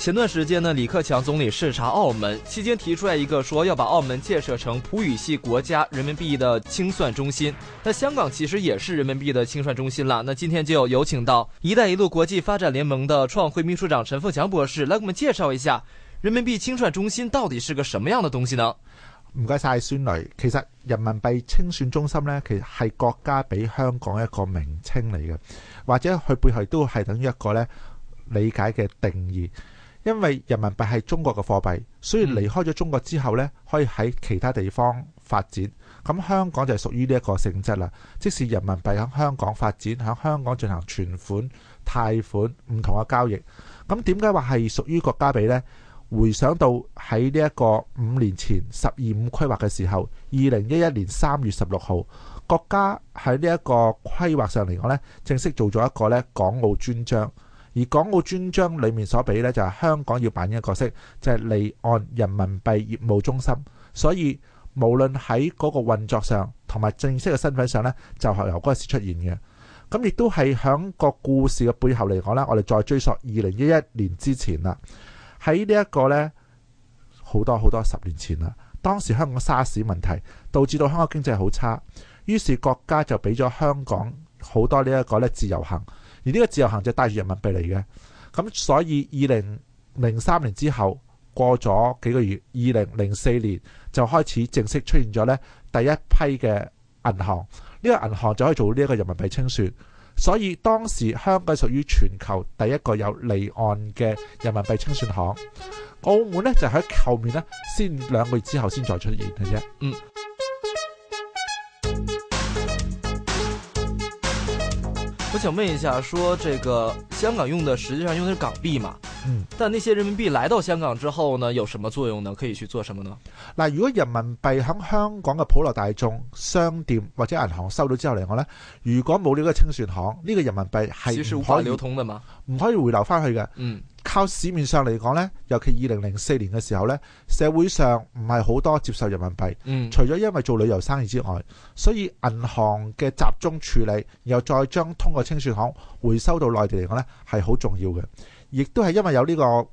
前段時間呢，李克強總理視察澳門期間，提出來一個說要把澳門建設成葡語系國家人民幣的清算中心。那香港其實也是人民幣的清算中心了。那今天就有請到“一帶一路”國際發展聯盟的創會祕書長陳鳳強博士來給我們介紹一下人民幣清算中心到底是個什麼樣的東西呢？唔該晒，孫雷。其實人民幣清算中心呢，其實係國家俾香港一個名稱嚟嘅，或者佢背後都係等於一個呢理解嘅定義。因為人民幣係中國嘅貨幣，所以離開咗中國之後呢，可以喺其他地方發展。咁香港就係屬於呢一個性質啦，即使人民幣喺香港發展，喺香港進行存款、貸款唔同嘅交易。咁點解話係屬於國家幣呢？回想到喺呢一個五年前十二五規劃嘅時候，二零一一年三月十六號，國家喺呢一個規劃上嚟講呢，正式做咗一個呢港澳專章。而《港澳專章》裏面所俾呢，就係香港要扮演嘅角色，就係離岸人民幣業務中心。所以無論喺嗰個運作上同埋正式嘅身份上呢，就係由嗰時出現嘅。咁亦都係響個故事嘅背後嚟講咧，我哋再追溯二零一一年之前啦。喺呢一個呢，好多好多十年前啦，當時香港沙士問題導致到香港經濟好差，於是國家就俾咗香港好多呢一個呢自由行。而呢個自由行就帶住人民幣嚟嘅，咁所以二零零三年之後過咗幾個月，二零零四年就開始正式出現咗呢第一批嘅銀行，呢、這個銀行就可以做呢一個人民幣清算，所以當時香港屬於全球第一個有離岸嘅人民幣清算行，澳門呢，就喺後面呢先兩個月之後先再出現嘅啫，嗯。我想問一下，說這個香港用的實際上用的是港幣嘛？嗯，但那些人民幣來到香港之後呢，有什麼作用呢？可以去做什麼呢？嗱，如果人民幣響香港嘅普羅大眾商店或者銀行收到之後嚟講呢，如果冇呢個清算行，呢個人民幣係是無法流通嘅嘛？唔可以回流翻去嘅。嗯。靠市面上嚟講咧，尤其二零零四年嘅時候咧，社會上唔係好多接受人民幣，嗯、除咗因為做旅遊生意之外，所以銀行嘅集中處理，然後再將通過清算行回收到內地嚟講咧，係好重要嘅，亦都係因為有呢個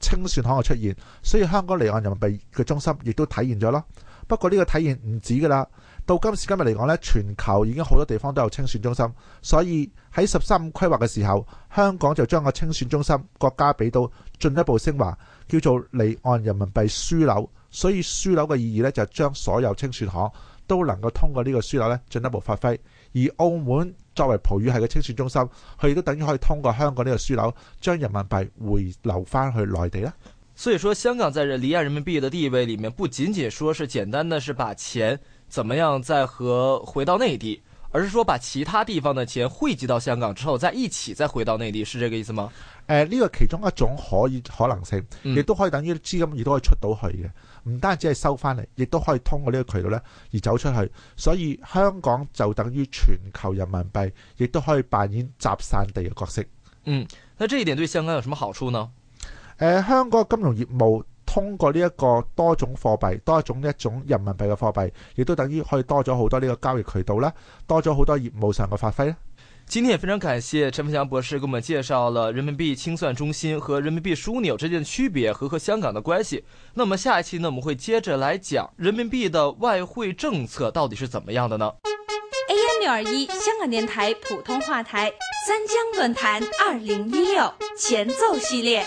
清算行嘅出現，所以香港離岸人民幣嘅中心亦都體現咗咯。不過呢個體現唔止㗎啦，到今時今日嚟講呢，全球已經好多地方都有清算中心，所以喺十三五規劃嘅時候，香港就將個清算中心國家俾到進一步升華，叫做離岸人民幣樞紐。所以樞紐嘅意義呢，就係、是、將所有清算行都能夠通過這個呢個樞紐呢，進一步發揮。而澳門作為葡語系嘅清算中心，佢亦都等於可以通過香港呢個樞紐，將人民幣回流翻去內地啦。所以說，香港在離岸人民幣的地位裏面，不僅僅說是簡單的，是把錢怎麼樣再和回到內地，而是說把其他地方的錢匯集到香港之後，再一起再回到內地，是這個意思嗎？誒、呃，呢個其中一種可以可能性，亦都可以等於資金亦都可以出到去嘅，嗯，唔單止係收翻嚟，亦都可以通過呢個渠道呢而走出去。所以香港就等於全球人民幣，亦都可以扮演集散地嘅角色。嗯，那這一點對香港有什麼好處呢？呃、香港金融業務通過呢一個多種貨幣、多一種一種人民幣嘅貨幣，亦都等於可以多咗好多呢個交易渠道啦，多咗好多業務上嘅發揮咧。今天也非常感謝陳鳳翔博士給我們介紹了人民幣清算中心和人民幣樞紐之間嘅區別和和香港嘅關係。那麼下一期呢，我們會接着來講人民幣嘅外匯政策到底是怎麼樣的呢？AM 六二一香港電台普通話台三江論壇二零一六前奏系列。